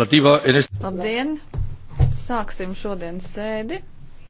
Labdien! Sāksim šodienas sēdi.